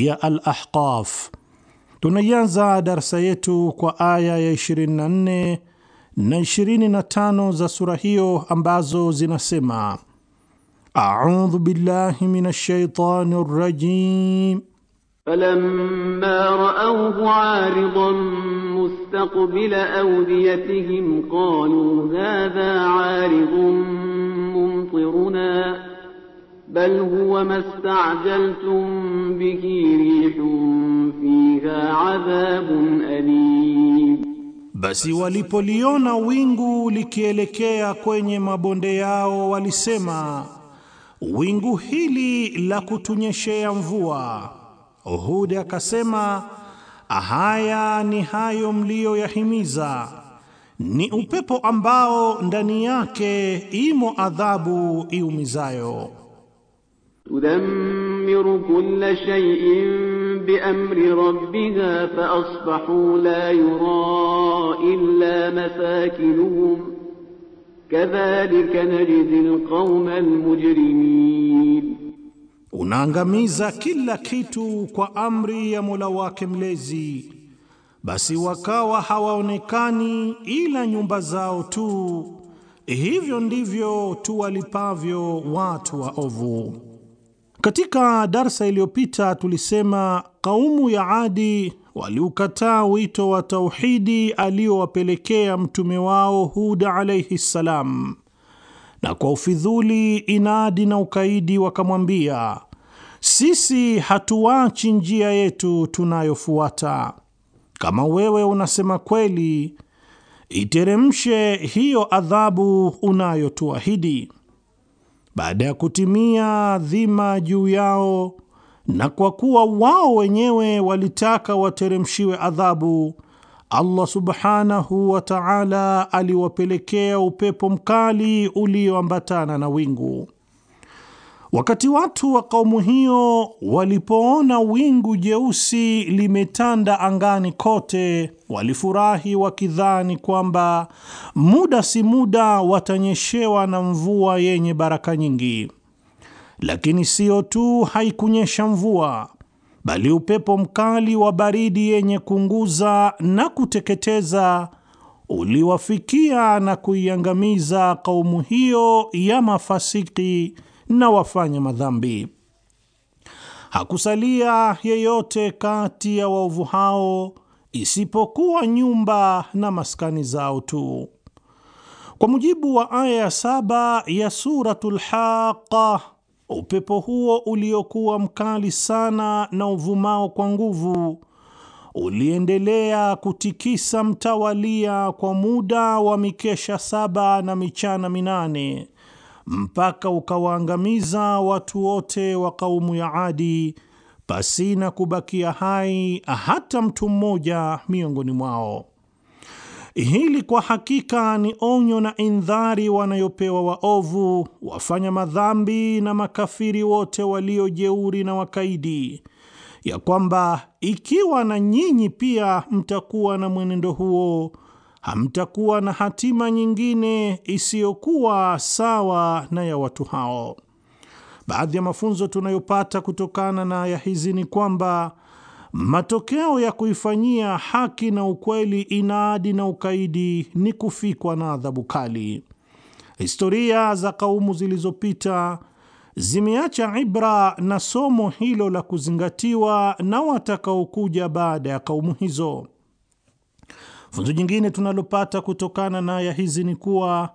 ya Al-Ahqaf. Tunaianza darsa yetu kwa aya ya 24 na 25 za sura hiyo ambazo zinasema: audhu billahi minash shaitani rajim falamma raawhu aridan mustaqbila awdiyatihim qalu hadha aridun mumtiruna بل هو ما استعجلتم به ريح فيها عذاب أليم Basi walipoliona wingu likielekea kwenye mabonde yao walisema, wingu hili la kutunyeshea mvua. Hudi akasema, haya ni hayo mliyoyahimiza, ni upepo ambao ndani yake imo adhabu iumizayo. تدمر كل شيء بأمر ربها فأصبحوا لا يرى إلا مساكنهم كذلك نجزي القوم المجرمين unaangamiza kila kitu kwa amri ya Mola wake mlezi basi wakawa hawaonekani ila nyumba zao tu hivyo ndivyo tuwalipavyo watu waovu Katika darsa iliyopita tulisema kaumu ya Adi waliukataa wito wa tauhidi aliowapelekea mtume wao Huda alaihi ssalam, na kwa ufidhuli, inadi na ukaidi wakamwambia, sisi hatuwachi njia yetu tunayofuata, kama wewe unasema kweli, iteremshe hiyo adhabu unayotuahidi baada ya kutimia dhima juu yao, na kwa kuwa wao wenyewe walitaka wateremshiwe adhabu, Allah subhanahu wa ta'ala aliwapelekea upepo mkali ulioambatana na wingu. Wakati watu wa kaumu hiyo walipoona wingu jeusi limetanda angani kote, walifurahi wakidhani kwamba muda si muda watanyeshewa na mvua yenye baraka nyingi. Lakini siyo tu haikunyesha mvua, bali upepo mkali wa baridi yenye kunguza na kuteketeza uliwafikia na kuiangamiza kaumu hiyo ya mafasiki na wafanya madhambi. Hakusalia yeyote kati ya waovu hao isipokuwa nyumba na maskani zao tu. Kwa mujibu wa aya ya saba ya Suratul Haqa, upepo huo uliokuwa mkali sana na uvumao kwa nguvu uliendelea kutikisa mtawalia kwa muda wa mikesha saba na michana minane mpaka ukawaangamiza watu wote wa kaumu ya Adi pasina kubakia hai hata mtu mmoja miongoni mwao. Hili kwa hakika ni onyo na indhari wanayopewa waovu, wafanya madhambi na makafiri wote waliojeuri na wakaidi, ya kwamba ikiwa na nyinyi pia mtakuwa na mwenendo huo hamtakuwa na hatima nyingine isiyokuwa sawa na ya watu hao. Baadhi ya mafunzo tunayopata kutokana na aya hizi ni kwamba matokeo ya kuifanyia haki na ukweli inadi na ukaidi ni kufikwa na adhabu kali. Historia za kaumu zilizopita zimeacha ibra na somo hilo la kuzingatiwa na watakaokuja baada ya kaumu hizo. Funzo jingine tunalopata kutokana na aya hizi ni kuwa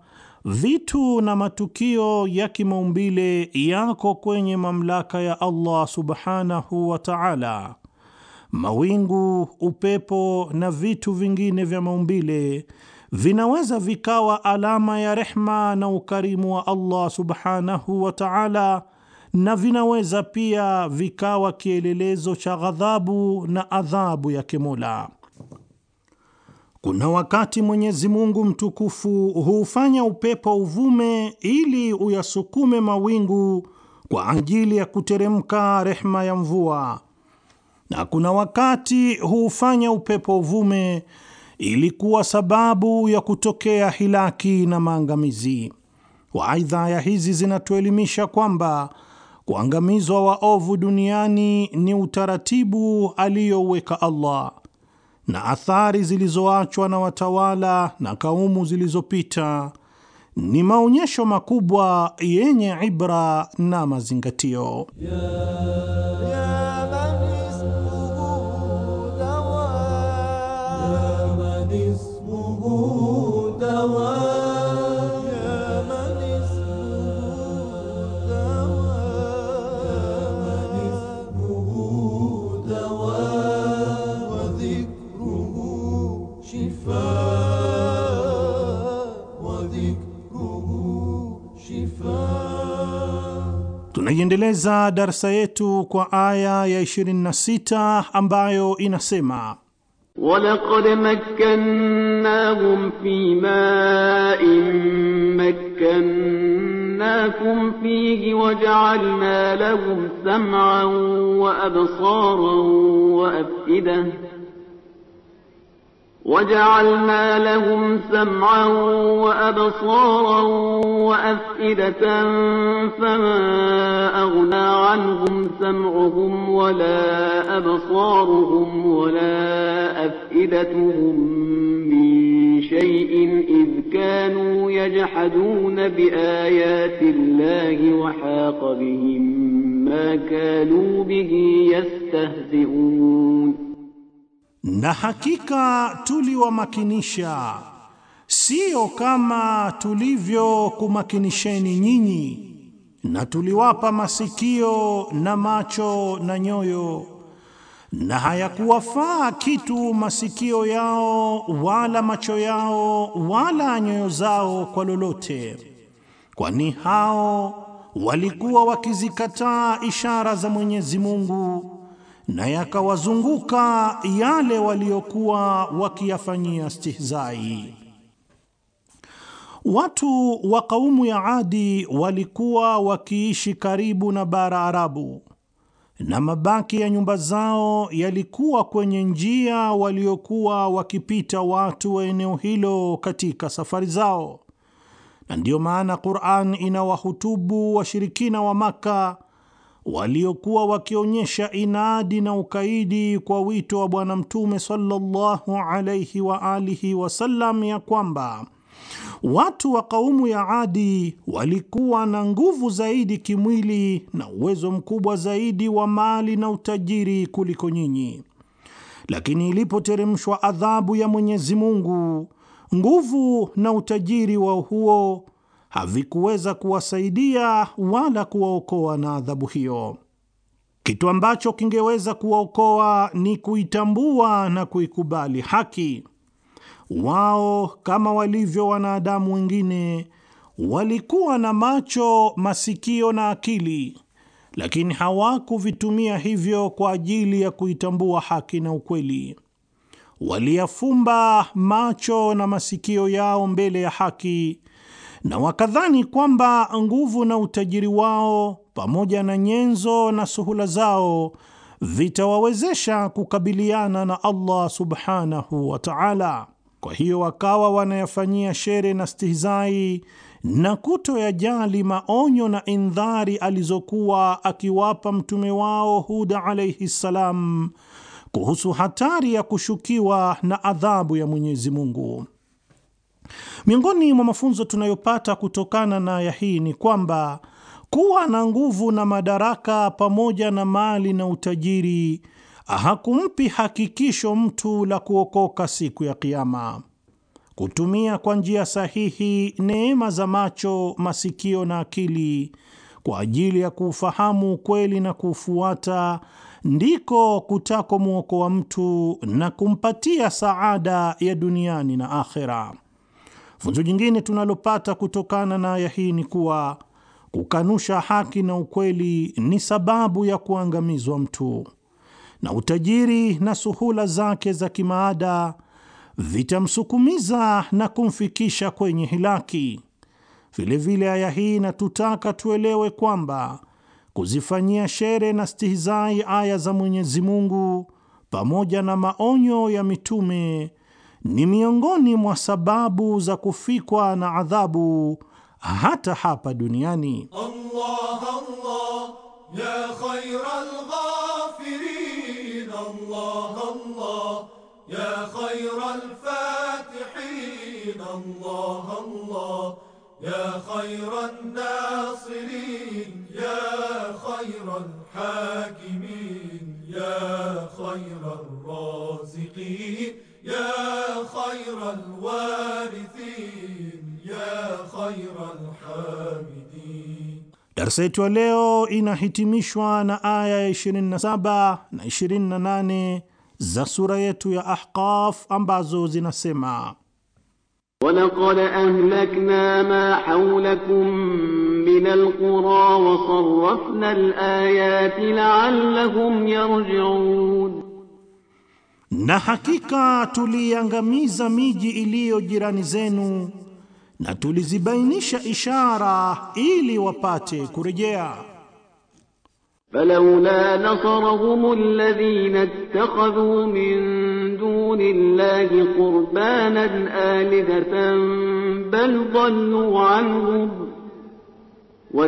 vitu na matukio ya kimaumbile yako kwenye mamlaka ya Allah subhanahu wa ta'ala. Mawingu, upepo na vitu vingine vya maumbile vinaweza vikawa alama ya rehma na ukarimu wa Allah subhanahu wa ta'ala, na vinaweza pia vikawa kielelezo cha ghadhabu na adhabu yake Mola. Kuna wakati Mwenyezi Mungu mtukufu huufanya upepo uvume ili uyasukume mawingu kwa ajili ya kuteremka rehma ya mvua, na kuna wakati huufanya upepo uvume ili kuwa sababu ya kutokea hilaki na maangamizi. Waidha, ya hizi zinatuelimisha kwamba kuangamizwa waovu duniani ni utaratibu aliyouweka Allah na athari zilizoachwa na watawala na kaumu zilizopita ni maonyesho makubwa yenye ibra na mazingatio yeah. tunaendeleza darsa yetu kwa aya ya 26 ambayo inasema walaqad makkannahum fi ma'in makkannakum fihi waj'alna lahum sam'an wa absaran wa af'idah وجعلنا لهم سمعا وأبصارا وأفئدة فما أغنى عنهم سمعهم ولا أبصارهم ولا أفئدتهم من شيء إذ كانوا يجحدون بآيات الله وحاق بهم ما كانوا به يستهزئون Na hakika tuliwamakinisha, sio kama tulivyokumakinisheni nyinyi, na tuliwapa masikio na macho na nyoyo, na hayakuwafaa kitu masikio yao wala macho yao wala nyoyo zao kwa lolote, kwani hao walikuwa wakizikataa ishara za Mwenyezi Mungu na yakawazunguka yale waliokuwa wakiyafanyia stihzai. Watu wa kaumu ya Adi walikuwa wakiishi karibu na bara Arabu, na mabaki ya nyumba zao yalikuwa kwenye njia waliokuwa wakipita watu wa eneo hilo katika safari zao, na ndiyo maana Qur'an inawahutubu washirikina wa Maka waliokuwa wakionyesha inadi na ukaidi kwa wito wa Bwana Mtume sallallahu alaihi wa alihi wasallam, ya kwamba watu wa kaumu ya Adi walikuwa na nguvu zaidi kimwili na uwezo mkubwa zaidi wa mali na utajiri kuliko nyinyi, lakini ilipoteremshwa adhabu ya Mwenyezi Mungu, nguvu na utajiri wao huo havikuweza kuwasaidia wala kuwaokoa na adhabu hiyo. Kitu ambacho kingeweza kuwaokoa ni kuitambua na kuikubali haki. Wao kama walivyo wanadamu wengine walikuwa na macho, masikio na akili, lakini hawakuvitumia hivyo kwa ajili ya kuitambua haki na ukweli. Waliyafumba macho na masikio yao mbele ya haki na wakadhani kwamba nguvu na utajiri wao pamoja na nyenzo na suhula zao vitawawezesha kukabiliana na Allah subhanahu wa ta'ala. Kwa hiyo wakawa wanayafanyia shere na stihizai na kutoyajali maonyo na indhari alizokuwa akiwapa mtume wao Huda alayhi ssalam kuhusu hatari ya kushukiwa na adhabu ya Mwenyezi Mungu. Miongoni mwa mafunzo tunayopata kutokana na aya hii ni kwamba kuwa na nguvu na madaraka pamoja na mali na utajiri hakumpi hakikisho mtu la kuokoka siku ya Kiama. Kutumia kwa njia sahihi neema za macho, masikio na akili kwa ajili ya kuufahamu ukweli na kuufuata ndiko kutako wa mtu na kumpatia saada ya duniani na akhera. Funzo jingine tunalopata kutokana na aya hii ni kuwa kukanusha haki na ukweli ni sababu ya kuangamizwa mtu, na utajiri na suhula zake za kimaada vitamsukumiza na kumfikisha kwenye hilaki. Vilevile aya hii inatutaka tuelewe kwamba kuzifanyia shere na stihizai aya za Mwenyezi Mungu pamoja na maonyo ya mitume ni miongoni mwa sababu za kufikwa na adhabu hata hapa duniani. Allah, Allah, ya Allah, Allah, ya Darsa yetu ya leo inahitimishwa na aya ya 27 na 28 za sura yetu ya Ahqaf ambazo zinasema: walaqad ahlakna ma hawlakum min alqura wa sarrafna alayati la'allahum yarji'un, na hakika tuliangamiza miji iliyo jirani zenu na tulizibainisha ishara ili wapate kurejea. Falawla nasarahum alladhina ittakhadhu min duni Allahi qurbanan alihatan bal dhallu anhum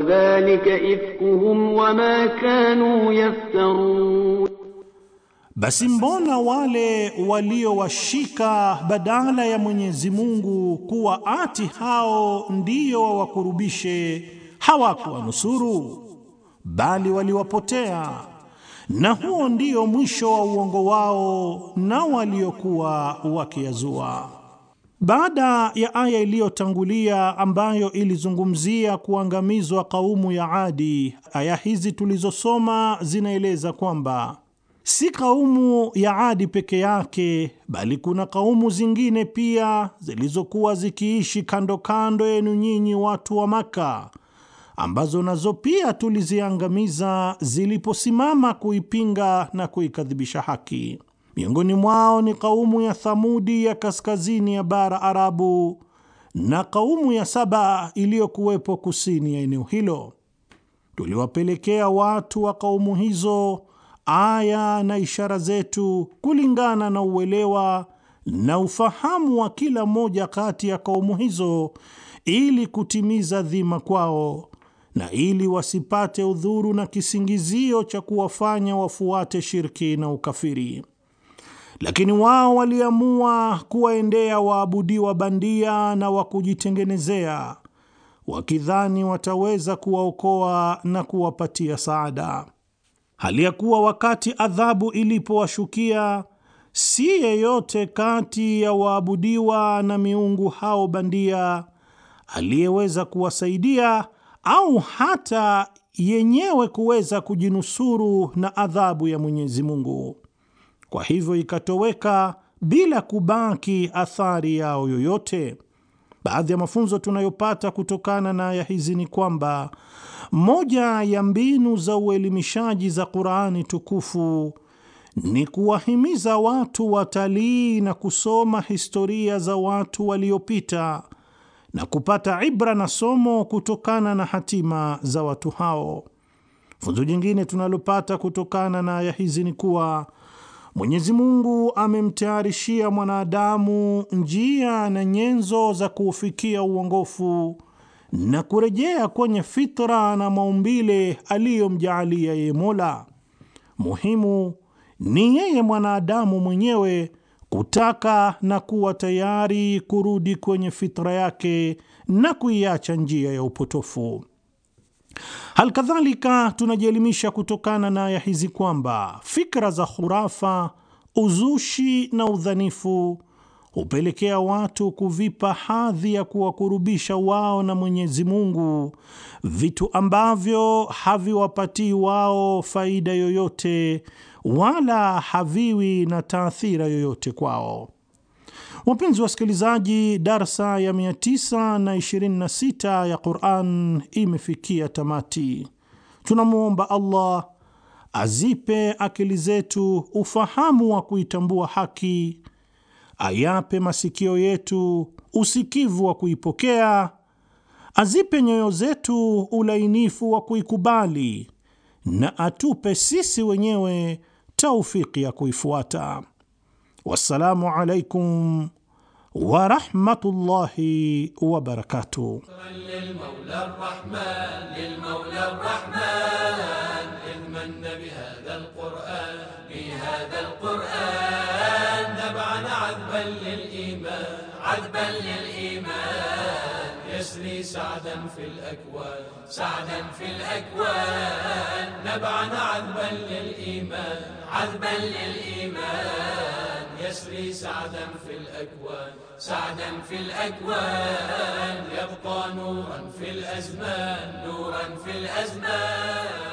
dhalika ifkuhum wa ma kanu yaftarun Basi mbona wale waliowashika badala ya Mwenyezi Mungu kuwa ati hao ndiyo wawakurubishe hawakuwanusuru, bali waliwapotea, na huo ndio mwisho wa uongo wao na waliokuwa wakiyazua. Baada ya aya iliyotangulia ambayo ilizungumzia kuangamizwa kaumu ya Adi, aya hizi tulizosoma zinaeleza kwamba si kaumu ya Adi peke yake, bali kuna kaumu zingine pia zilizokuwa zikiishi kando kando yenu nyinyi watu wa Maka, ambazo nazo pia tuliziangamiza ziliposimama kuipinga na kuikadhibisha haki. Miongoni mwao ni kaumu ya Thamudi ya kaskazini ya bara Arabu na kaumu ya Saba iliyokuwepo kusini ya eneo hilo. Tuliwapelekea watu wa kaumu hizo aya na ishara zetu kulingana na uelewa na ufahamu wa kila moja kati ya kaumu hizo, ili kutimiza dhima kwao na ili wasipate udhuru na kisingizio cha kuwafanya wafuate shirki na ukafiri. Lakini wao waliamua kuwaendea waabudiwa bandia na wa kujitengenezea, wakidhani wataweza kuwaokoa na kuwapatia saada hali ya kuwa wakati adhabu ilipowashukia si yeyote kati ya waabudiwa na miungu hao bandia aliyeweza kuwasaidia au hata yenyewe kuweza kujinusuru na adhabu ya Mwenyezi Mungu. Kwa hivyo ikatoweka bila kubaki athari yao yoyote. Baadhi ya mafunzo tunayopata kutokana na aya hizi ni kwamba moja ya mbinu za uelimishaji za Qur'ani tukufu ni kuwahimiza watu watalii na kusoma historia za watu waliopita na kupata ibra na somo kutokana na hatima za watu hao. Funzo jingine tunalopata kutokana na aya hizi ni kuwa Mwenyezi Mungu amemtayarishia mwanadamu njia na nyenzo za kuufikia uongofu na kurejea kwenye fitra na maumbile aliyomjaalia yeye Mola. Muhimu ni yeye mwanadamu mwenyewe kutaka na kuwa tayari kurudi kwenye fitra yake na kuiacha njia ya upotofu. Halkadhalika, tunajielimisha kutokana na aya hizi kwamba fikra za khurafa, uzushi na udhanifu hupelekea watu kuvipa hadhi ya kuwakurubisha wao na Mwenyezi Mungu vitu ambavyo haviwapatii wao faida yoyote wala haviwi na taathira yoyote kwao. Wapenzi wasikilizaji, darsa ya 926 ya Qur'an imefikia tamati. Tunamwomba Allah azipe akili zetu ufahamu wa kuitambua haki ayape masikio yetu usikivu wa kuipokea, azipe nyoyo zetu ulainifu wa kuikubali, na atupe sisi wenyewe taufiki ya kuifuata. Wassalamu alaikum warahmatullahi wabarakatuh. آمنا بهذا القرآن بهذا القرآن نبعا عذبا للإيمان عذبا للإيمان يسري سعدا في الأكوان سعدا في الأكوان نبعا عذبا للإيمان عذبا للإيمان يسري سعدا في الأكوان سعدا في الأكوان يبقى نورا في الأزمان نورا في الأزمان